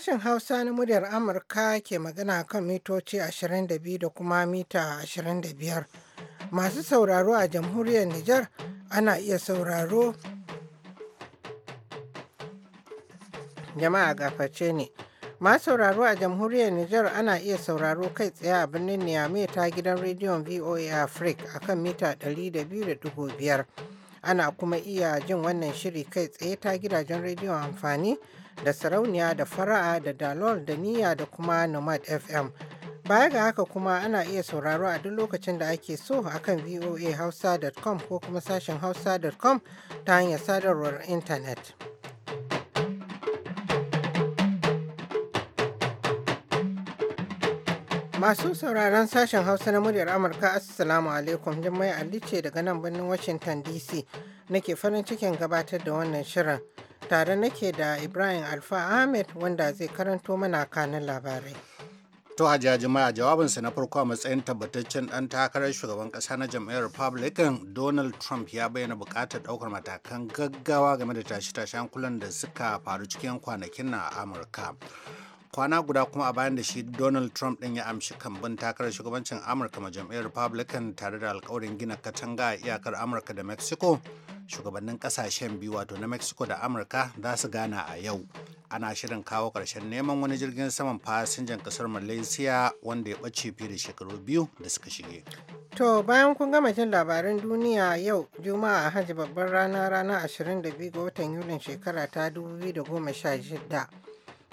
Sashen Hausa na muryar Amurka ke magana kan mitoci 22 da kuma mita 25. Masu sauraro a jamhuriyar Nijar ana iya sauraro jama'a gaface ne. Masu sauraro a jamhuriyar Nijar ana iya sauraro kai tsaye a birnin Niamey ta gidan rediyon VOA Africa a kan mita 200.5. Ana kuma iya jin wannan shiri kai tsaye ta gidajen rediyon amfani. da sarauniya da fara'a da dalol da niyya da kuma nomad fm baya ga haka kuma ana iya sauraro a duk lokacin da ake so akan Hausa.com ko kuma sashen hausa.com ta hanyar sadarwar intanet. Masu sauraron sashen Hausa na muryar Amurka Assalamu alaikum Jummai Ali ce daga nan birnin Washington DC nake farin cikin gabatar da wannan shirin. tare nake da Ibrahim Alfa Ahmed wanda zai karanto mana kanin labarai. To Hajiya a jawabinsa na farko a matsayin tabbataccen ɗan takarar shugaban ƙasa na jam'iyyar Republican Donald Trump ya bayyana bukatar ɗaukar matakan gaggawa game da tashe-tashen kulan da suka faru cikin kwanakin na Amurka. kwana guda kuma a bayan da shi donald trump din ya amshi kambun takarar shugabancin amurka ma jam'iyyar republican tare da alkawarin gina katanga a iyakar amurka da mexico shugabannin kasashen biyu wato na mexico da amurka za su gana a yau ana shirin kawo ƙarshen neman wani jirgin saman fasinjan kasar malaysia wanda ya ɓace fiye da shekaru biyu da suka shige to bayan kun gama jin labaran duniya yau juma'a hajji babban rana rana 22 ga watan yulin shekara ta 2016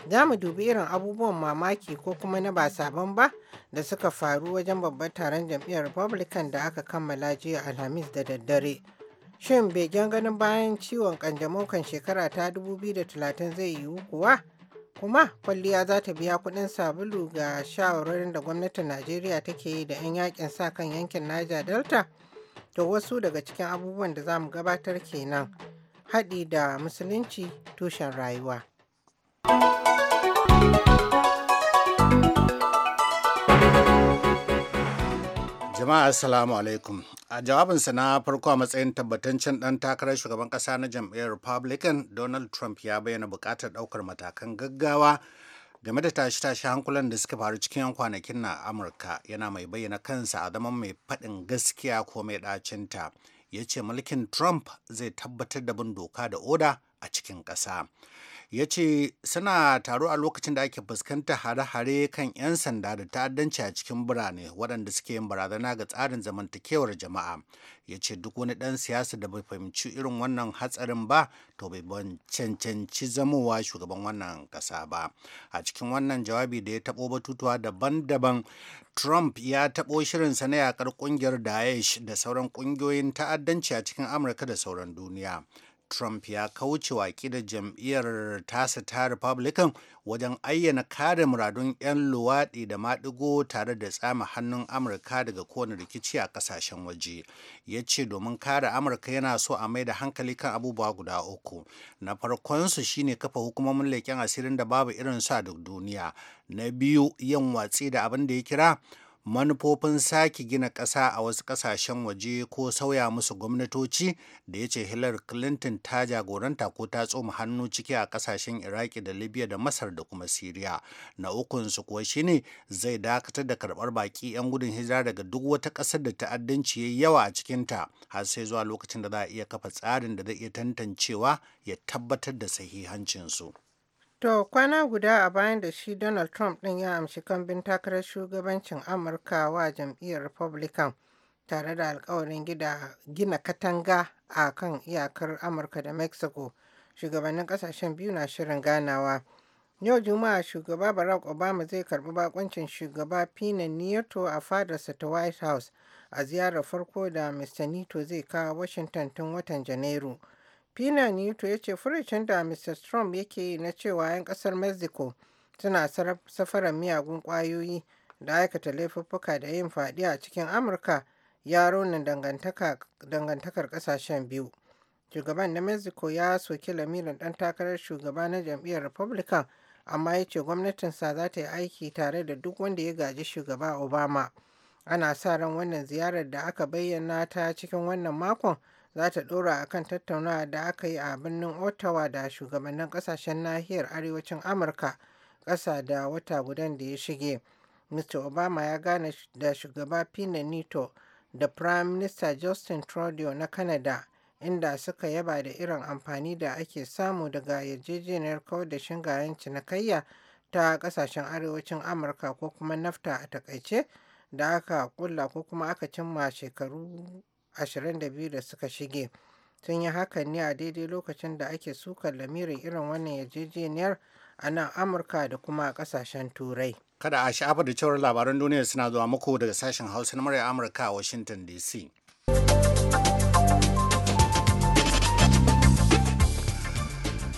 Za mu dubi irin abubuwan mamaki ko kuma na ba sabon ba da suka faru wajen babban taron jam'iyyar Republican da aka kammala jiya Alhamis da daddare. Shin begen ganin bayan ciwon kanjamau kan shekara ta 2030 zai yiwu kuwa? Kuma kwalliya za ta biya kuɗin sabulu ga shawarwarin da gwamnatin Najeriya take yi da 'yan yakin sa kan yankin Niger Delta? To wasu daga cikin abubuwan da za mu gabatar kenan. Haɗi da Musulunci tushen rayuwa. jama'a assalamu alaikum a jawabinsa na farko a matsayin tabbatancin dan takarar shugaban kasa na jam'iyyar republican donald trump ya bayyana bukatar daukar matakan gaggawa game da tashi-tashi hankulan da suka faru cikin yan kwanakin na amurka yana mai bayyana kansa a zaman mai faɗin gaskiya ko mai ɗacinta ya ce mulkin trump zai tabbatar da bin doka da oda a cikin ƙasa. ya ce suna taro a lokacin da ake fuskanta hare-hare kan 'yan sanda da ta'addanci a cikin birane waɗanda suke yin barazana ga tsarin zamantakewar jama'a ya ce duk wani ɗan siyasa da bai fahimci irin wannan hatsarin ba to bai ban cancanci zamowa shugaban wannan ƙasa ba a cikin wannan jawabi da ya taɓo batutuwa daban-daban trump ya taɓo shirin sa na yakar ƙungiyar daesh da sauran ƙungiyoyin ta'addanci a cikin amurka da sauran duniya Trump ya kauce waƙi da jam'iyyar tasa ta Republican wajen ayyana kare muradun 'yan luwaɗi da maɗigo tare da tsama hannun Amurka daga kowane rikici a ƙasashen waje. Ya ce domin kare Amurka yana so a mai da hankali kan abubuwa guda uku. Na farkonsu shine kafa hukumomin leƙen asirin da babu irin su a duk duniya. Na biyu yin watsi da abin da ya kira manufofin sake gina ƙasa a wasu ƙasashen waje ko sauya musu gwamnatoci da ya ce Hillary Clinton ta jagoranta ko ta tsoma hannu ciki a ƙasashen Iraki da Libya da Masar da kuma Siriya. Na ukunsu kuwa shine zai dakatar da karbar baƙi 'yan gudun hijira daga duk wata ƙasar da ta'addanci ya yi yawa a cikinta har sai zuwa lokacin da za a iya kafa tsarin da zai iya tantancewa ya tabbatar da sahihancinsu. To kwana guda a bayan da shi Donald Trump ɗin ya amshi kambin takarar shugabancin Amurka wa jam'iyyar Republican tare da alkawarin gina katanga a kan iyakar Amurka da Mexico, shugabannin kasashen biyu na shirin ganawa. Yau Juma'a shugaba Barack Obama zai karbi bakoncin shugaba Pina Nieto a fadarsa ta White House a ziyarar farko da Mr. Nieto zai kawo Washington tun watan Janairu. Pina Nieto ya ce furucin da Mr. Trump yake yi na cewa 'yan kasar Mexico suna safarar miyagun kwayoyi da aikata laifuffuka da yin fadi a cikin Amurka ya raunin dangantakar kasashen biyu. Shugaban na Mexico ya soki lamirin dan takarar shugaba na jam'iyyar Republican amma ya ce gwamnatinsa za ta yi aiki tare da duk wanda ya gaji shugaba Obama. Ana sa ran wannan ziyarar da aka bayyana ta cikin wannan makon. za ta ɗora a kan tattaunawa da aka yi a birnin ottawa da shugabannin ƙasashen nahiyar arewacin amurka ƙasa da wata gudan da ya shige mr obama ya gane da shugaba pina nito da prime minister justin trudeau na canada inda suka yaba da irin amfani da ake samu daga yarjejeniyar kawar da shingayen cinikayya ta kasashen arewacin amurka ko kuma nafta a takaice da aka kulla ko kuma aka cimma shekaru 22 da suka shige sun yi hakan ne a daidai lokacin da ake sukar lamirin irin wannan yarjejeniyar a nan amurka da kuma a kasashen turai kada a sha'afa da cewar labaran duniya suna zuwa muku daga sashen hausa na murya amurka a washington dc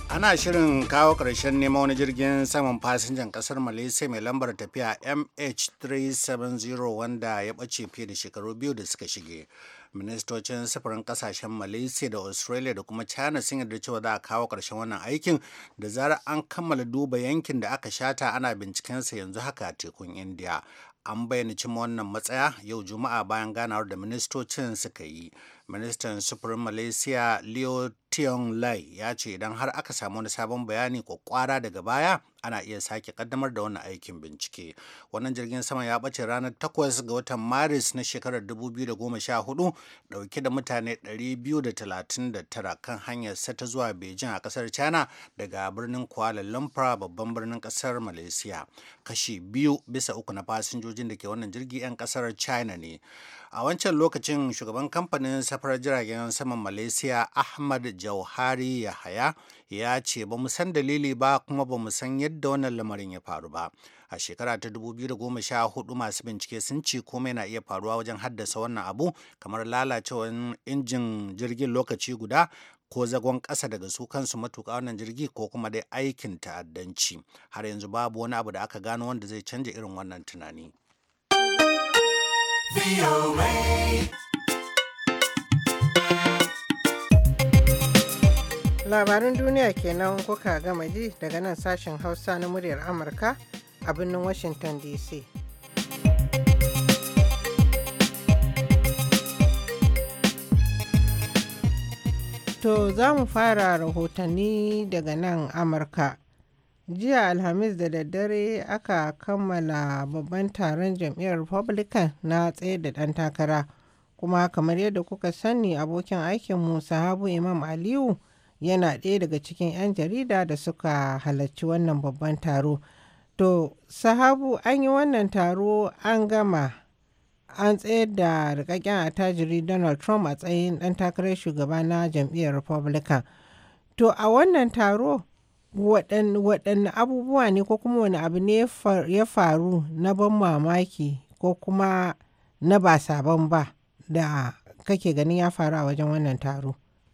ana shirin kawo ƙarshen neman wani jirgin saman fasinjan ƙasar malaysia mai lambar tafiya mh370 wanda ya ɓace fiye da shekaru biyu da suka shige ministocin sufurin kasashen malaysia da australia da kuma china sun yarda cewa za a kawo ƙarshen wannan aikin da zarar an kammala duba yankin da aka shata ana bincikensa yanzu haka a tekun india an bayyana cimma wannan matsaya yau juma'a bayan ganawar da ministocin suka yi ministan sufurin malaysia leo tiong lai ya ce idan har aka samu wani sabon bayani kwa-kwara daga baya ana iya sake kaddamar da wannan aikin bincike wannan jirgin sama ya bace ranar 8 ga watan maris na shekarar 2014 ɗauke da mutane 239 kan hanyar ta zuwa beijing a kasar china daga birnin kuala lumpur babban birnin kasar malaysia kashi biyu bisa uku na fasinjojin da ke wannan jirgi 'yan kasar china ne a wancan lokacin shugaban kamfanin safarar jiragen saman malaysia ahmad jauhari yahaya ya ce ba san dalili ba kuma ba san yadda wannan lamarin ya faru ba a shekara ta 2014 masu bincike sun ce komai na iya faruwa wajen haddasa wannan abu kamar lalacewar injin jirgin lokaci guda ko zagon ƙasa daga su kansu matuƙa wannan jirgi ko kuma dai aikin ta'addanci har yanzu babu wani abu da aka gano wanda zai canja irin wannan tunani. Labarin duniya kenan kuka gama ji daga nan sashen Hausa na muryar Amurka a birnin Washington DC. To za mu fara rahotanni daga nan Amurka. jiya alhamis da daddare aka kammala babban taron jam'iyyar republican na tsaye da ɗan takara kuma kamar yadda kuka sani abokin aikinmu sahabu imam aliyu yana ɗaya daga cikin 'yan jarida da suka halarci wannan babban taro to sahabu an yi wannan taro an gama an tsayar da rikakken attajiri donald trump a tsayin ɗan takarar shugaba na jam'iyyar republican to a wannan taro waɗanne abubuwa ne ko kuma wani abu ne ya faru na ban mamaki ko kuma na ba sabon ba da kake ganin ya faru a wajen wannan taro?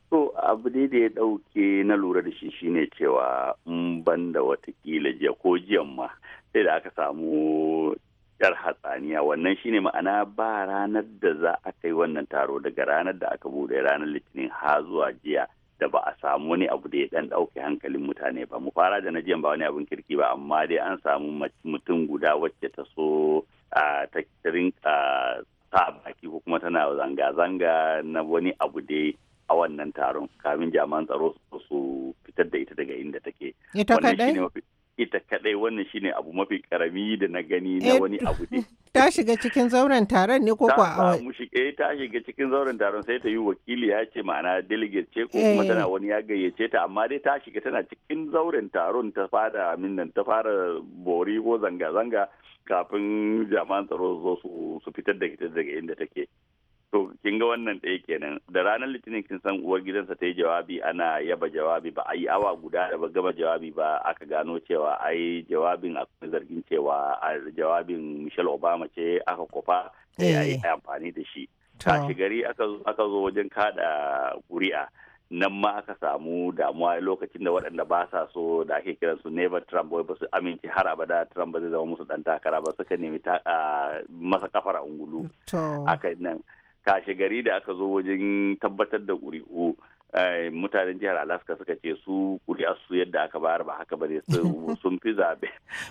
so abu ne da ya ɗauke na lura da shi shine cewa in ban da watakila jiya ko jiyan ma sai da aka samu yar hatsaniya wannan shine ma'ana ba ranar da za a kai wannan taro daga ranar da aka bude ranar litinin ha zuwa jiya da ba a samu wani abu da ya dan dauke hankalin mutane ba mu fara da najiyan ba wani abin kirki ba amma dai an samu mutum guda wacce ta so a ta rinka sa baki ko kuma tana zanga-zanga na wani abu dai a wannan taron kamin jaman tsaro su fitar da ita daga inda take ita kadai ita kadai wannan shine abu mafi karami da na gani na eh, wani abu ne. Ta shiga cikin zauren taron ne ko kwa awa? Eh ta shiga cikin zauren taron sai ta yi wakili ya ce ma'ana delegate ce ko kuma eh. tana wani ya gayyace ta amma dai ta shiga tana cikin zauren taron ta fara minnan ta fara bori ko zanga-zanga kafin jami'an tsaro zo su fitar da ita daga inda take. to kin ga wannan ɗaya kenan da ranar litinin kin san uwar gidansa ta yi jawabi ana yaba jawabi ba a yi awa guda da ba gama jawabi ba aka gano cewa ai jawabin akwai zargin cewa jawabin michelle obama ce aka kofa ya yi eh. amfani da shi tashi gari aka zo wajen kada kuri'a nan ma aka samu damuwa lokacin da waɗanda ba sa so da ake kiran su never trump wai ba su amince har abada trump ba zai zama musu dan takara ba suka nemi masa kafar ungulu aka nan kashe gari da aka zo wajen tabbatar da ƙuri'u eh, mutanen jihar alaska suka ce su su yadda aka bayar ba haka ba ne sun fi zaɓe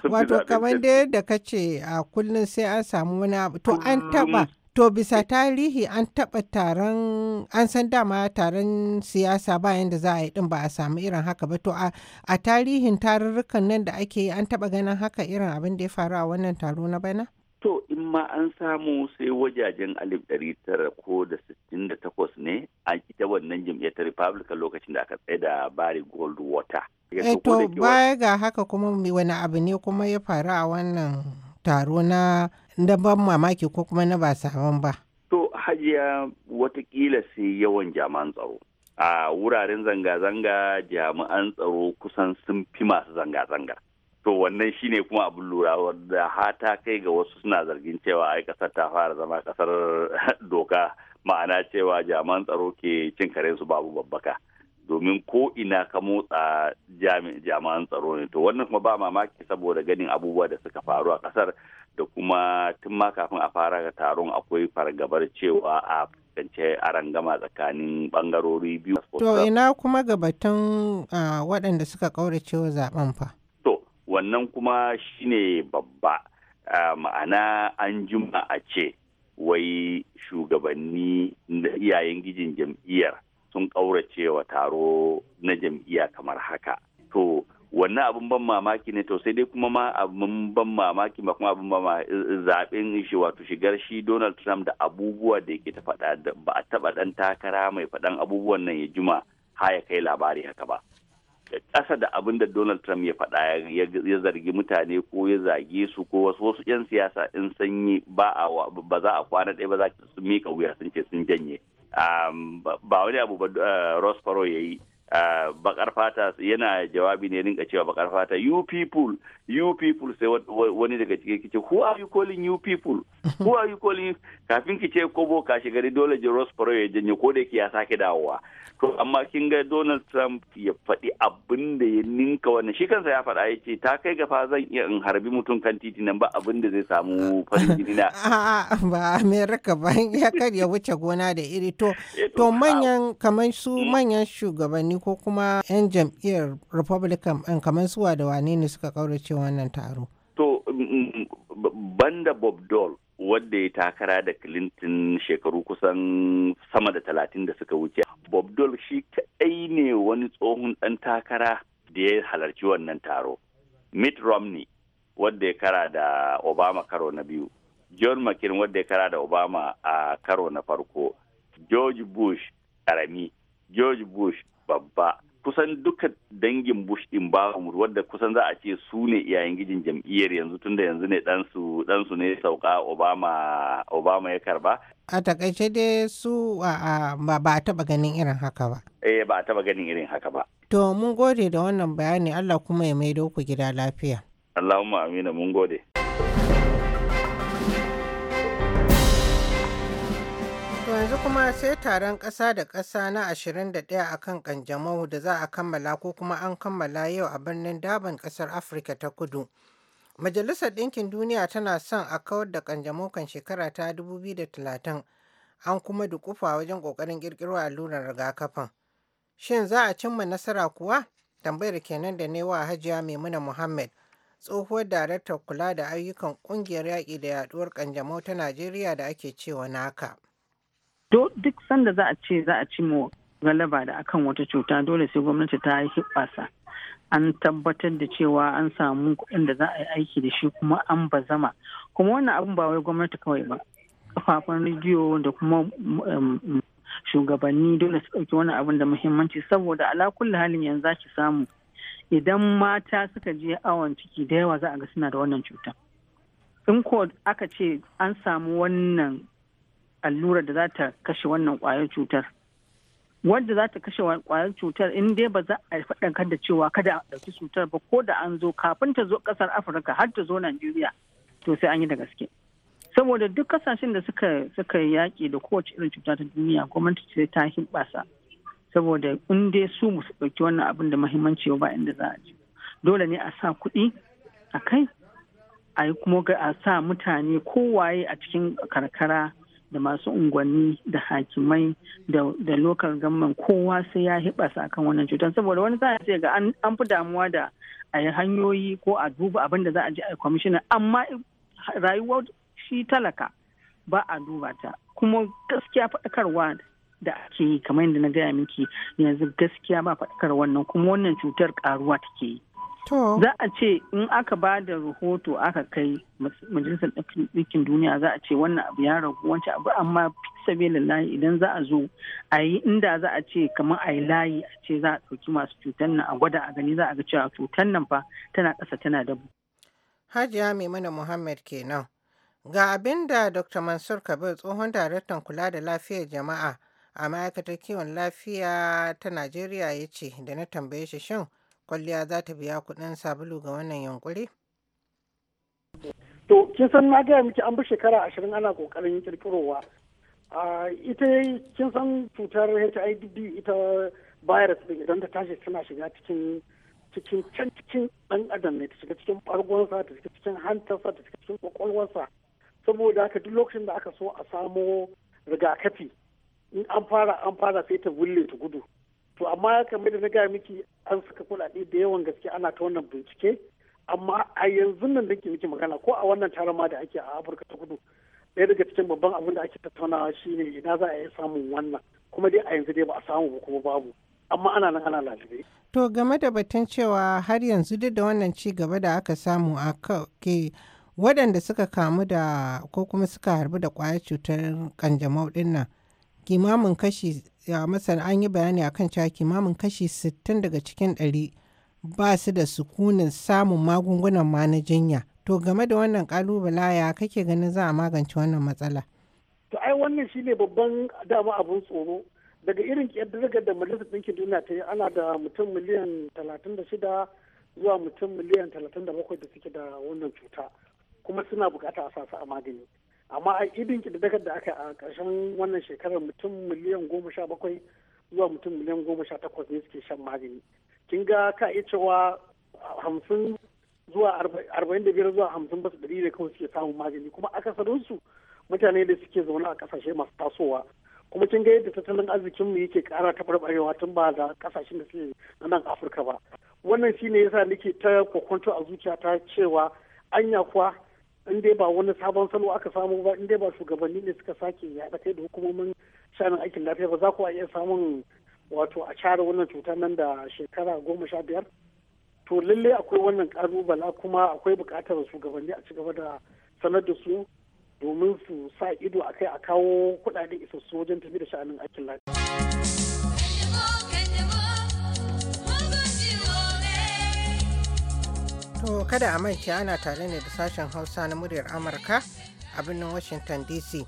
wato kamar da yadda ka ce a kullum sai an samu wani abu to an mm. taɓa to bisa tarihi an taɓa taron an san dama taron siyasa bayan da za a yi din ba a samu irin haka ba to a tarihin tarurrukan nan da ake yi an taɓa ganin haka irin abin da ya faru a wannan taro na bana To in ma an samu sai wajajen alif ɗari tara ko da sittin da takwas ne a ita wannan jam'iyyar ta Republican lokacin da aka tsaye da bari Goldwater. E to baya ga haka kuma wani abu ne kuma ya faru a wannan taro na daban mamaki ko kuma na ba sabon ba. To hajiya watakila sai yawan jami'an tsaro. A wuraren zanga-zanga jami'an tsaro kusan sun fi masu zanga zanga to wannan shine kuma abin lura wadda hata kai ga wasu suna zargin cewa ai kasar ta fara zama kasar doka ma'ana cewa jaman tsaro ke cin su babu babbaka domin ko ina ka motsa jami'an tsaro ne to wannan kuma ba mamaki saboda ganin abubuwa da suka faru a kasar da kuma tun ma kafin a fara taron akwai fargabar cewa a fuskance rangama tsakanin bangarori biyu to ina kuma ga batun ah, waɗanda suka ƙaurace wa zaben fa wannan kuma shine babba ma'ana an juma a ce wai shugabanni na iyayen gijin jam'iyyar sun ƙaurace wa taro na jam'iyya kamar haka to wannan abin ban mamaki ne to sai dai kuma ma abin ban mamaki ba kuma abin ban eh, eh, zaɓen shi wato shigar shi Donald Trump da abubuwa da yake ta faɗa ba a taɓa ɗan takara mai faɗan abubuwan nan ya juma ha ya kai labari haka ba. ƙasa da abin da Donald Trump ya faɗa ya zargi mutane ko ya zage su ko wasu 'yan siyasa in sanyi yi ba ba za a kwana ɗaya ba za su mika wuya sun ce sun janye ba wani abu ba eh, Ross Perot ya yi ah, bakar fata yana jawabi ne rinka cewa bakar fata you people you people sai wani daga cikin kice who are you calling you people who are you calling kafin kice kobo shiga gari dole ji Ross Perot ya janye ko da yake ya sake dawowa to amma kin ga Donald Trump ya faɗi abin da ya ninka wannan shi kansa ya faɗa ya ce ta kai gafa zan iya in harbi mutum kan titi nan ba abin da zai samu farin jini na ba America ba ya kar ya wuce gona da iri to eh, to manyan kamar su mm. manyan shugabanni ko kuma 'yan jam'iyyar Republican eh, kamar su da wane ne suka kaurace lokacin wannan taro to mm, mm, banda bob dole wadda ya takara da clinton shekaru kusan sama da talatin da suka wuce bob dole shi kaɗai ne wani tsohon ɗan takara da ya halarci wannan taro mitt romney wadda ya kara da obama karo na biyu john mccain wadda ya kara da obama a karo na farko george bush karami george bush babba kusan duka dangin bush din bahumur wadda kusan za a ce su ne iyayen gijin jam'iyyar yanzu tunda yanzu ne ɗansu ɗansu ne sauka obama obama ya karba a takaice dai su ba a taba ganin irin haka ba eh ba a taba ganin irin haka ba to mun gode da wannan bayani allah kuma ya maido ku gida lafiya Allahumma amina mun gode To yanzu kuma sai taron ƙasa da ƙasa na 21 a kan ƙanjamau da za a kammala ko kuma an kammala yau a birnin daban ƙasar Afirka ta kudu. Majalisar Ɗinkin Duniya tana son a kawar da ƙanjamau kan shekara ta 2030 an kuma dukufa wajen ƙoƙarin ƙirƙiro allurar rigakafin. Shin za a cimma nasara kuwa? Tambayar kenan da newa Hajiya Maimuna Muhammad. tsohuwar daraktar kula da ayyukan ƙungiyar yaƙi da yaduwar ƙanjamau ta najeriya da ake cewa naka duk sanda za a ce za a ci mu galaba da akan wata cuta dole sai gwamnati ta yi hibasa an tabbatar da cewa an samu kuɗin da za a yi aiki da shi kuma an bazama kuma wannan abin ba wai gwamnati kawai ba kafafen rediyo da kuma um, shugabanni dole su ɗauki wani abin da muhimmanci saboda ala kulli halin yanzu za ki samu idan mata suka je awon ciki da yawa za a ga suna da wannan cuta in ko aka ce an samu wannan allurar da za ta kashe wannan kwayar cutar wanda za ta kashe kwayar cutar in dai ba za a faɗankar da cewa kada a ɗauki cutar ba ko da an zo kafin ta zo ƙasar afirka har ta zo najeriya to sai an yi da gaske saboda duk kasashen da suka suka yaƙi da kowace irin cuta ta duniya gwamnati ce ta himbasa saboda in dai su musu ɗauki wannan abin da mahimmanci ba inda za a ji dole ne a sa kuɗi a kai a yi kuma a sa mutane kowaye a cikin karkara da masu unguwanni da hakimai da lokal gamman kowa sai ya hiɓa akan wannan cutar saboda wani sa sai ga an fi damuwa da a yi hanyoyi ko a duba abin da za a ji a kwamishina amma rayuwar shi talaka ba a duba ta kuma gaskiya faɗakarwa da ake yi kamar yadda na gaya miki yanzu gaskiya ba faɗakarwa nan kuma wannan cutar ƙaruwa take yi. Za a ce in aka ba da rahoto aka kai majalisar ɗinkin duniya za a ce wannan abu ya ragu wancan abu amma sabi layi idan za a zo a yi inda za a ce kamar a yi layi a ce za a ɗauki masu cutar nan a gwada a gani za a ga cewa cutar nan fa tana ƙasa tana dabu. Hajiya Maimuna Muhammad kenan. Ga abin da Dr. Mansur Kabir tsohon daraktan kula da lafiyar jama'a a ma'aikatar kiwon lafiya ta Najeriya ya ce da na tambaye shi shin kwalliya za ta biya kuɗin sabulu ga wannan yunkuri? To, kin san na gaya miki an bi shekara ashirin ana ƙoƙarin kirkirowa. Ita kin san cutar HIV ita virus ɗin idan ta tashi tana shiga cikin cikin can cikin ɗan adam ne ta shiga cikin ɓargonsa ta shiga cikin hantarsa ta shiga cikin ƙwaƙwalwarsa saboda haka duk lokacin da aka so a samo rigakafi in an fara an fara sai ta wulle ta gudu to amma ya kamar da na gaya miki an saka kuɗaɗe da yawan gaske ana ta wannan bincike amma a yanzu nan da ke miki magana ko a wannan taron da ake a afirka ta kudu ɗaya daga cikin babban abin da ake tattaunawa shine ina za a iya samun wannan kuma dai a yanzu dai ba a samu ba kuma babu amma ana nan ana lalibe. To game da batun cewa har yanzu duk da wannan ci gaba da aka samu a ke waɗanda suka kamu da ko kuma suka harbi da ƙwayar cutar kanjamau ɗin nan kimamin kashi ya masar an yi bayani a kan cewa kimamin kashi 60 daga cikin 100 ba su da sukunin samun magungunan ma na jinya to game da wannan kalubala ya kake ganin za a magance wannan matsala to ai wannan shine babban dama abun tsoro daga irin ƙirƙirar da majalisar ɗinkin duniya ta yi ana da mutum miliyan 36 zuwa mutum miliyan 37 da suke da wannan cuta kuma suna bukata a sasa a magani amma a idin kididdigar da aka a ƙarshen wannan shekarar mutum miliyan goma sha bakwai zuwa mutum miliyan goma sha takwas ne suke shan magani kin ga ka iya cewa hamsin zuwa arba'in da biyar zuwa hamsin basu su da kawai suke samun magani kuma akasarinsu mutane da suke zaune a ƙasashe masu tasowa kuma kin ga yadda tattalin arzikin mu yake ƙara taɓarɓarewa tun ba da ƙasashen da suke na nan afirka ba wannan shine yasa nake ta kwakwanto a zuciyata cewa anya kuwa in dai ba wani sabon salo aka samu ba in dai ba shugabanni ne suka sake yaɗa kai da hukumomin shanin aikin lafiya ba za ku iya samun wato a care wannan cuta nan da shekara goma sha biyar to lalle akwai wannan ƙalubala kuma akwai buƙatar shugabanni a ci gaba da sanar da su domin su sa ido a kai a kawo kuɗaɗe isassu wajen tafi da sha'anin aikin lafiya. To kada a manta ana tare ne da sashen Hausa na muryar Amurka a birnin Washington DC.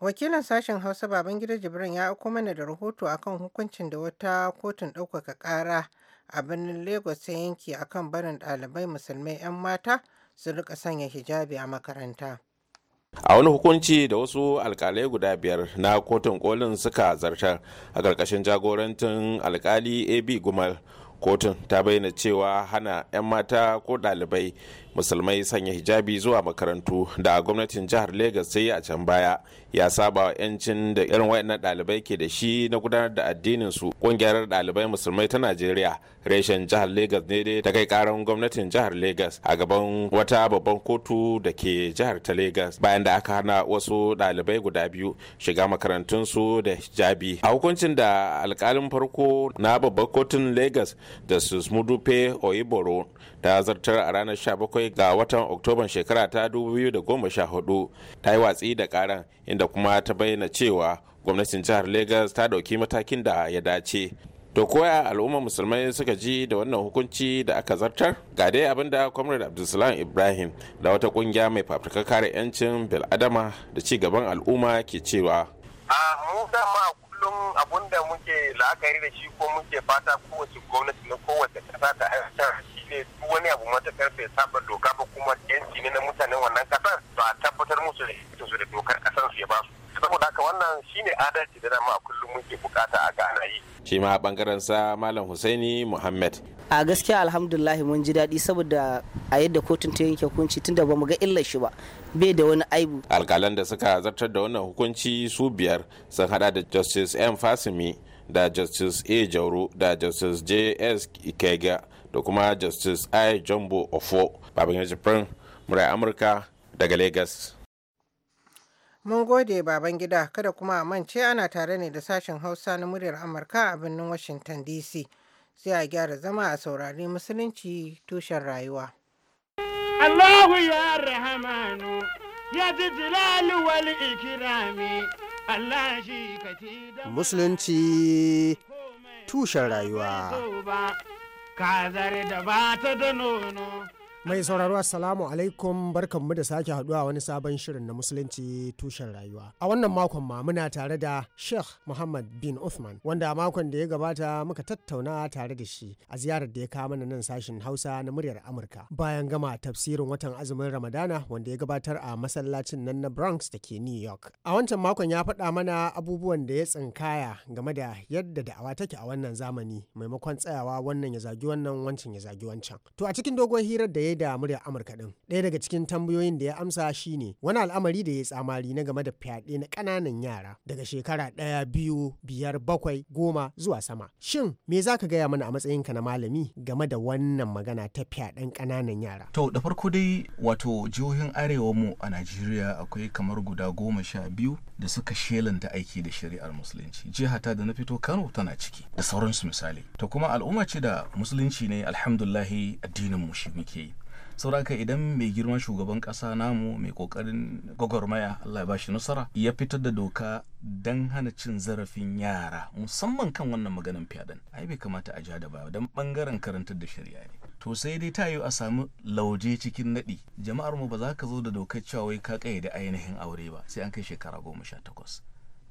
Wakilin sashen Hausa baban gida Jibrin ya aiko mana da rahoto akan hukuncin da wata kotun ɗaukaka ƙara a birnin Lagos ta yanki akan barin ɗalibai musulmai 'yan mata su rika sanya hijabi a makaranta. a wani hukunci da wasu alkalai guda biyar na kotun kolin suka zartar a ƙarƙashin jagorantin alkali ab gumal kotun ta bayyana cewa hana 'yan mata ko ɗalibai musulmai sanya hijabi zuwa makarantu da gwamnatin jihar Legas sai a can baya ya saba wa yancin da irin waɗannan ɗalibai ke da shi na gudanar da addinin su ƙungiyar ɗalibai musulmai ta najeriya reshen jihar Legas ne dai ta kai karan gwamnatin jihar Legas. a gaban wata babban kotu da ke jihar ta Legas. bayan da aka hana wasu ɗalibai guda biyu shiga makarantun su da hijabi a hukuncin da alkalin farko na babban kotun Legas da susmudupe oyiboro ta zartar a ranar 17 bakwai ga watan oktoban shekara ta 2014 ta yi watsi da karan inda kuma ta bayyana cewa gwamnatin jihar lagos ta dauki matakin da ya dace to koya al'ummar musulmai suka ji da wannan hukunci da aka zartar ga dai abinda comrade abdulsalam ibrahim da wata kungiya mai fafutukar kare 'yancin bil'adama da ci gaban al'umma ke cewa kullum abun da muke la'akari da shi ko muke fata kowace gwamnati na kowace kasa ta aiwatar karfe duk wani abu matakar bai saba doka ba kuma yanci ne na mutanen wannan kasar to a tabbatar musu da su da dokar kasar su ya ba su saboda haka wannan shine adalci da dama kullum muke bukata a ga ana yi shi ma a bangaren sa malam Husaini Muhammad a gaskiya alhamdulillah mun ji daɗi saboda a yadda kotun ta yanke hukunci tunda bamu ga illar shi ba bai da wani aibu alkalan da suka zartar da wannan hukunci su biyar sun hada da justice m fasimi da justice a jauro da justice j s ikega da kuma justice i jumbo ofo babin ya murai amurka daga lagos mun gode baban gida kada kuma a mance ana tare ne da sashen hausa na muryar amurka a birnin washington dc sai a gyara zama a saurari musulunci tushen rayuwa Allahu ya rahamanu ji Musulunci tushen rayuwa. Kazare da ba ta da nono Mai sauraro Assalamu alaikum barkanmu da sake haduwa wani sabon shirin na Musulunci tushen rayuwa. A wannan makon ma muna tare da Sheikh Muhammad bin Uthman wanda a makon da ya gabata muka tattauna tare da shi a ziyarar da ya kawo mana nan sashin Hausa na muryar Amurka. Bayan gama tafsirin watan azumin Ramadana wanda ya gabatar a masallacin nan na Bronx da ke New York. A wancan makon ya faɗa mana abubuwan da ya tsinkaya game da yadda da'awa take a wannan zamani maimakon tsayawa wannan ya zagi wannan wancan ya zagi wancan. To a cikin dogon hirar da ya da muryar amurka din ɗaya daga cikin tambayoyin da ya amsa shi ne wani al'amari da ya tsamari na game da fyaɗe na ƙananan yara daga shekara ɗaya biyu biyar bakwai goma zuwa sama shin me za ka gaya mana a matsayinka na malami game da wannan magana ta fyaɗen ƙananan yara to da farko dai wato jihohin arewa mu a najeriya akwai kamar guda goma sha biyu da suka shelanta aiki da shari'ar musulunci jiha ta da na fito kano tana ciki da sauransu misali ta kuma al'umma ce da musulunci ne alhamdulahi addinin mu shi muke yi sauraka idan mai girma shugaban kasa namu mai kokarin gwagwarmaya Allah ya ba shi nasara ya fitar da doka don hana cin zarafin yara musamman kan wannan maganan fyaɗen ai bai kamata a ja da baya don bangaren karantar da shari'a ne to sai dai ta yiwu a samu lauje cikin naɗi jama'ar mu ba za ka zo da dokar cewa wai ka da ainihin aure ba sai an kai shekara goma sha takwas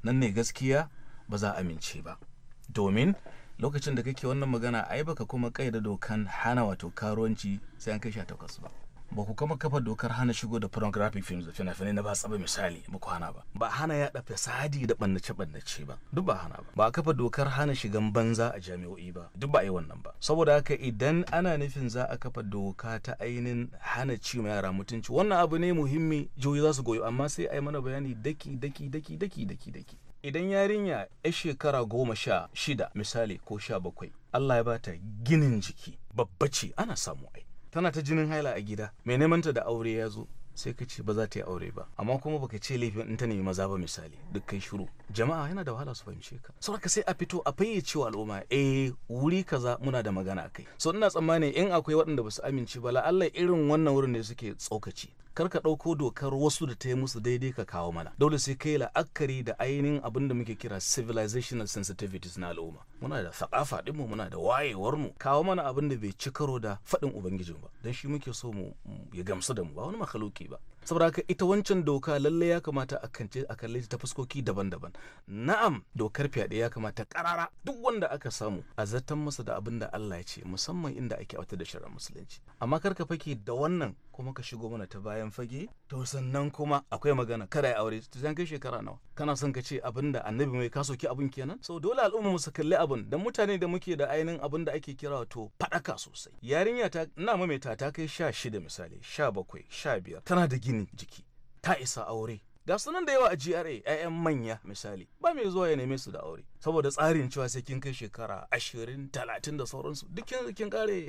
nan ne gaskiya ba za a amince ba domin lokacin da kake wannan magana ai baka kuma kaida dokan hana wato karuwanci sai an kai sha takwas ba ba ku kama kafa dokar hana shigo da pornographic films da fina-finai na ba tsaba misali ba ku hana ba ba hana ya yaɗa fasadi da ɓannace-ɓannace ba duk ba hana ba ba kafa dokar hana shigan banza a jami'o'i ba duk ba a yi wannan ba saboda haka idan ana nufin za a kafa doka ta ainihin hana ci yara mutunci wannan abu ne muhimmi jihohi za su goyo amma sai a yi mana bayani daki daki daki daki daki daki idan yarinya ya shekara goma sha shida misali ko sha bakwai Allah ya bata ginin jiki babba ce ana samu ai tana ta jinin haila a gida mai nemanta da aure ya zo sai ka ce ba za ta yi aure ba amma kuma baka ce laifin in ta nemi maza ba misali duk shiru jama'a yana da wahala su fahimce ka ka sai a fito a fayyace wa al'umma eh wuri kaza muna da magana akai so ina tsammanin in akwai waɗanda ba su amince ba la'alla irin wannan wurin ne suke tsokaci kar ka ɗauko dokar wasu da ta yi musu daidai ka kawo mana dole sai kai la'akari da ainihin abin da muke kira civilizational sensitivities na al'umma muna da sakafa ɗinmu muna da wayewar mu kawo mana abin da bai ci karo da faɗin ubangijin ba don shi muke so mu ya gamsu da mu ba wani makaluki ba saboda ita wancan doka lalle ya kamata a kance a kalle ta fuskoki daban-daban na'am dokar fyaɗe ya kamata karara duk wanda aka samu a zaton masa da abin da Allah ya ce musamman inda ake wata da shirin musulunci amma kar ka fake da wannan kuma ka shigo mana ta bayan fage to sannan kuma akwai magana kada ya aure ta kai shekara nawa kana son ka ce abin da annabi mai ka soki abin kenan so dole al'umma mu su kalli abin dan mutane da muke da ainihin abin da ake kira to faɗaka sosai yarinya ta na maimaita ta kai sha shida misali sha bakwai sha biyar tana da gini ginin jiki ta isa aure ga sunan da yawa a GRA 'ya'yan manya misali ba mai zuwa ya neme su da aure saboda tsarin cewa sai kin kai shekara ashirin talatin da sauransu duk kin kare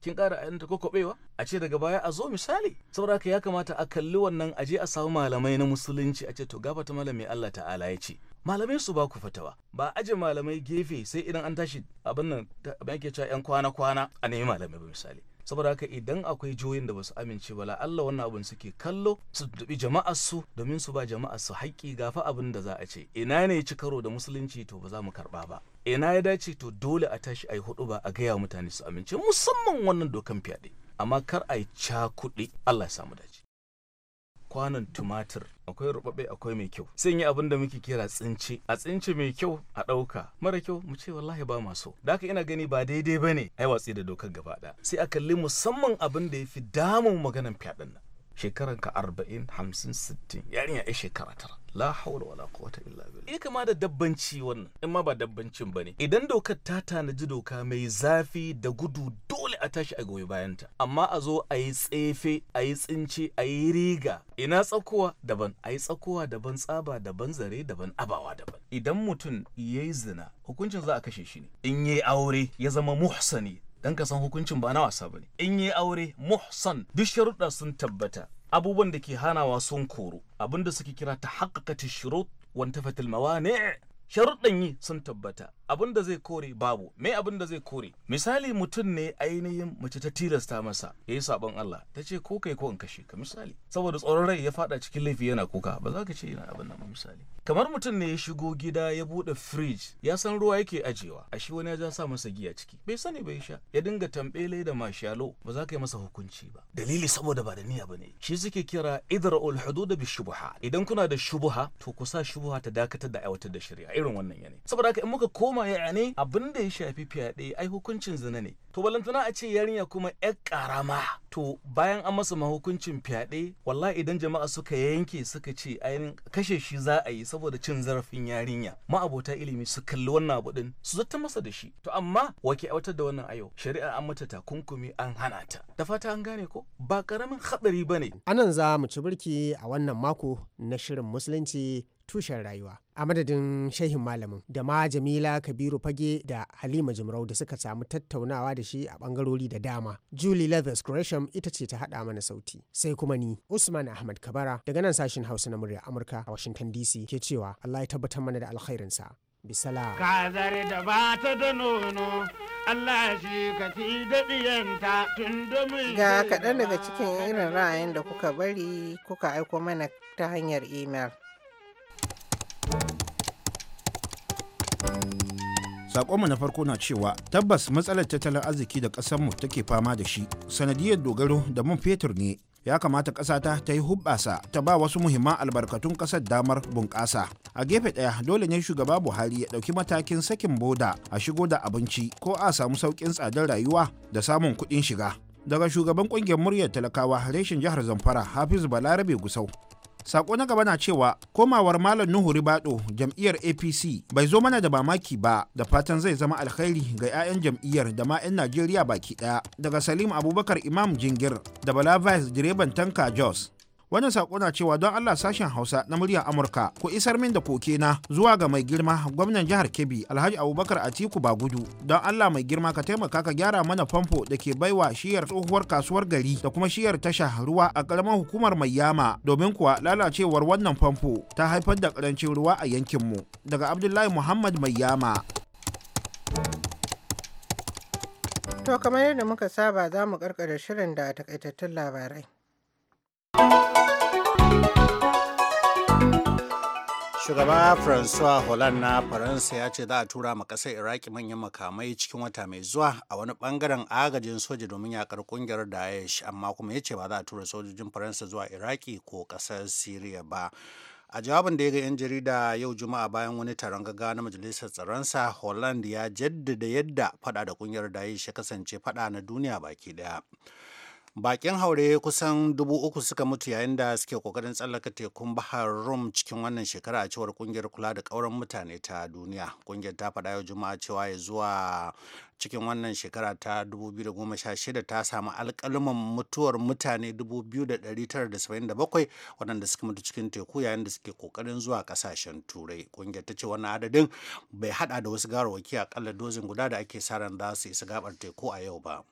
kin kare ayan ta kokobewa a ce daga baya a zo misali saboda haka ya kamata a kalli wannan a je a samu malamai na musulunci a ce to gafata malamai Allah ta'ala ya ce malamai su ba ku fatawa ba aje malamai gefe sai idan an tashi abin nan abin cewa yan kwana kwana a nemi malamai ba misali saboda haka idan akwai jihohin da basu amince ba la'alla wannan abin suke kallo su dubi jama'ar su domin su ba jama'ar su haƙƙi gafa abin da za a ce ina ne ci karo da musulunci to ba za mu karɓa ba ina ya dace to dole a tashi a yi hudu ba a gaya mutane su amince musamman wannan dokan fyaɗe amma kar a yi cakuɗi Allah ya samu dace kwanon tumatir akwai rubabbe akwai mai kyau sai yi abin da muke kira tsince a tsince mai kyau a ɗauka mara kyau mu ce wallahi ba maso da ina gani ba daidai ba ne ai watsi da dokar gaba sai a kalli musamman abin da ya fi damun maganan fyaɗen nan shekaran ka arba'in hamsin sittin yarinya ya shekara tara la haula wala quwwata illa billah kama da dabbanci wannan in ma ba dabbancin bane idan dokar ta tanaji doka mai zafi da gudu dole a tashi a goyi ta amma a zo a yi tsefe a yi tsinci a yi riga ina tsakowa daban a yi tsakowa daban tsaba daban zare daban abawa daban idan mutum ya yi zina hukuncin za a kashe shi ne in ya yi aure ya zama muhsani dan ka san hukuncin ba na wasa bane in yi aure muhsan duk sharuɗa sun tabbata abubuwan da ke hanawa sun koro abinda suke kira ta haƙƙaƙa shurut wanta fatil mawani sharuɗan yi sun tabbata abin da zai kore babu me abin da zai kore misali mutum ne ainihin mace ta tilasta masa ya yi sabon Allah ta ce ko kai ko in kashe ka misali saboda tsoron rai ya fada cikin laifi yana kuka ba za ka ce yana abin nan misali kamar mutum ne ya shigo gida ya bude fridge ya san ruwa yake ajewa a shi wani ya ja sa masa giya ciki bai sani bai sha ya dinga tambele da mashalo ba za ka yi masa hukunci ba dalili saboda ba da niyya bane shi suke kira ul hudud bi shubuha idan kuna da shubuha to ku sa shubuha ta dakatar da aiwatar da shari'a irin wannan yanayi saboda haka in muka ko koma ya ne abin da ya shafi fyaɗe ai hukuncin zina ne to balantana a ce yarinya kuma yar karama to bayan an masa ma hukuncin fyaɗe wallahi idan jama'a suka yanke suka ce ainihin kashe shi za a yi saboda cin zarafin yarinya ma'abota ilimi su kalli wannan abu din su zata masa da shi to amma wake aiwatar da wannan yau. shari'a an mata takunkumi an hana ta da fata an gane ko ba karamin hadari bane anan za mu ci birki a wannan mako na shirin musulunci tushen rayuwa a madadin shehin malamin da ma jamila kabiru fage da halima jimrau da suka samu tattaunawa da shi a bangarori da dama julie leathers gresham ita ce ta haɗa mana sauti sai kuma ni usman ahmad kabara daga nan sashen hausa na murya amurka a washington dc ke cewa allah ya tabbatar mana da alkhairinsa bisala kazar da ba ta da nono Allah shi ka daɗiyanta tun ga kaɗan daga cikin irin ra'ayin da kuka bari kuka aiko mana ta hanyar imel. Sakonmu na farko na cewa tabbas matsalar tattalin arziki da ƙasarmu take fama da shi sanadiyar dogaro da man fetur ne ya kamata ƙasata ta yi hubbasa ta ba wasu muhimman albarkatun ƙasar damar bunƙasa a gefe ɗaya dole ne shugaba buhari ya ɗauki matakin sakin boda a shigo da abinci ko a samu sauƙin tsadar rayuwa da samun kuɗin shiga daga shugaban ƙungiyar muryar talakawa reshen jihar zamfara hafiz balarabe gusau sako na gaba na cewa komawar malam nuhu ribado jam'iyyar apc bai zo mana da mamaki ba da fatan zai zama alkhairi ga 'ya'yan jam'iyyar da ma 'yan najeriya baki daya daga salim abubakar imam jingir da bala vice direban tanka jos wannan sako na cewa don Allah sashen Hausa na muryar Amurka ku isar min da koke na zuwa ga mai girma gwamnan jihar Kebbi Alhaji Abubakar Atiku Bagudu don Allah mai girma ka taimaka ka gyara mana famfo da ke baiwa shiyar tsohuwar kasuwar gari da kuma shiyar tasha ruwa a karamar hukumar mai yama domin kuwa lalacewar wannan famfo ta haifar da karancin ruwa a yankinmu daga Abdullahi Muhammad mai yama. To kamar yadda muka saba za mu karkare shirin da takaitattun labarai. shugaba francois hollande na faransa ya ce za a tura ma kasar iraki manyan makamai cikin wata mai zuwa a wani bangaren agajin soja domin yakar kungiyar daesh amma kuma ya ce ba za a tura sojojin faransa zuwa iraki ko kasar syria ba a jawabin da ya ga 'yan jarida yau juma'a bayan wani taron gaggawa na majalisar tsaronsa holland ya jaddada yadda fada da kungiyar daesh ya kasance fada na duniya baki daya Bakin haure kusan dubu uku suka mutu yayin da suke kokarin tsallaka tekun Bahar Rum cikin wannan shekara a cewar kungiyar kula da kauran mutane ta duniya. Kungiyar ta faɗa yau Juma'a cewa ya zuwa cikin wannan shekara ta 2016 ta samu alƙaluman mutuwar mutane 2,977 waɗanda suka mutu cikin teku yayin da suke kokarin zuwa ƙasashen turai. ƙungiyar ta ce wannan adadin bai hada da wasu gawarwaki akalla dozin guda da ake sa ran za su isa gabar teku a yau ba.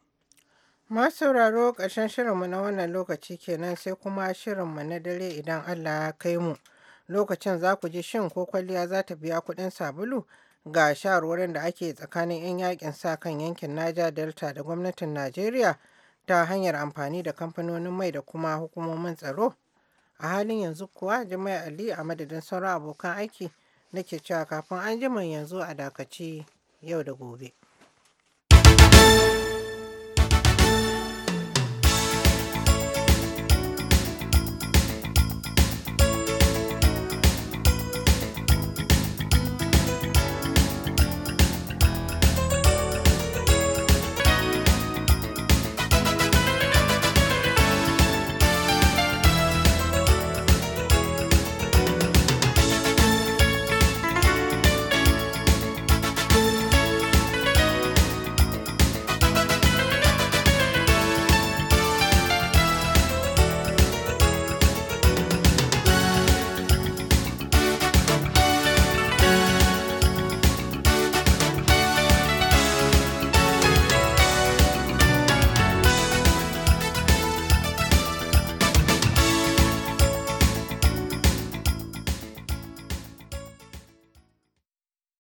Masu sauraro ƙarshen shirinmu na wannan lokaci kenan sai kuma shirinmu na dare idan Allah ya kai mu. Lokacin za ku ji shin ko kwalliya za ta biya kuɗin sabulu ga shawarwarin da ake tsakanin 'yan yakin sa kan yankin Naja Delta da gwamnatin Najeriya ta hanyar amfani da kamfanonin mai da kuma hukumomin tsaro. A halin yanzu kuwa Jami'a Ali a madadin sauran abokan aiki nake cewa kafin an jima yanzu a dakaci yau da gobe.